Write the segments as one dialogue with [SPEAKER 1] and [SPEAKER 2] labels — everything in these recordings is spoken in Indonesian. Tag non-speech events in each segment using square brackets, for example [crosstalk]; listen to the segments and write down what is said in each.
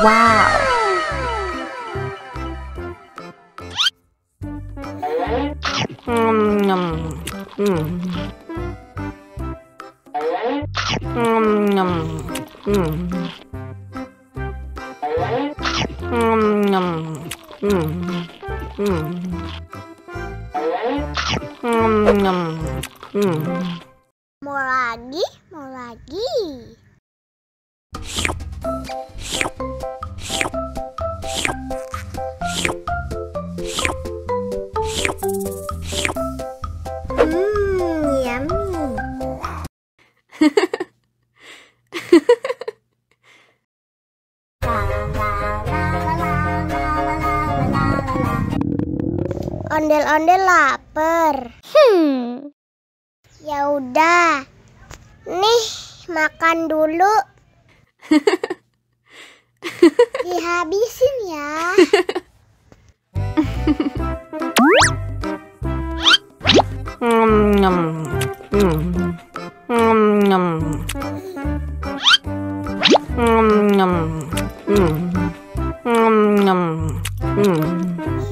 [SPEAKER 1] Wow.
[SPEAKER 2] Mau lagi, mau lagi. Ondel-ondel lapar. Hmm. Ya udah. Nih, makan dulu. [laughs] Dihabisin ya.
[SPEAKER 1] hmm [laughs]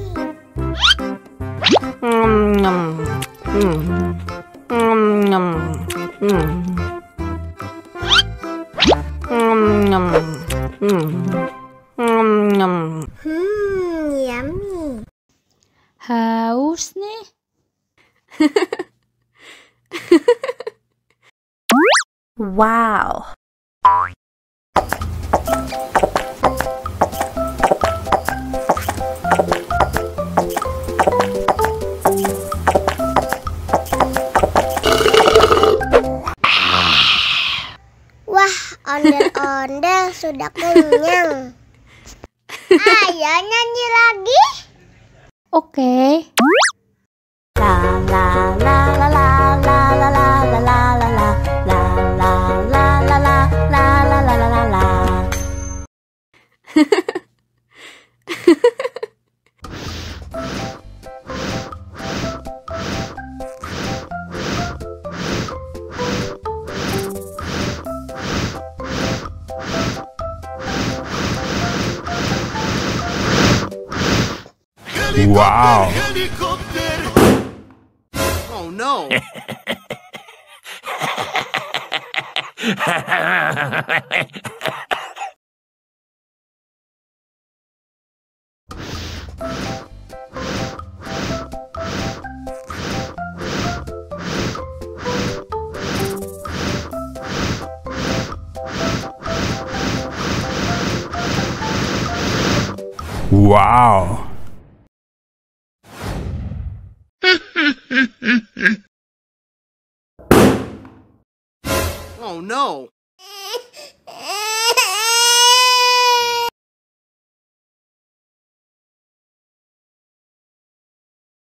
[SPEAKER 1] Hmm, yummy.
[SPEAKER 2] Haus wow. ronde sudah kenyang. [laughs] Ayo nyanyi lagi.
[SPEAKER 1] Oke. Okay. wow. Helicopter. Oh no. Wow. [laughs] oh no!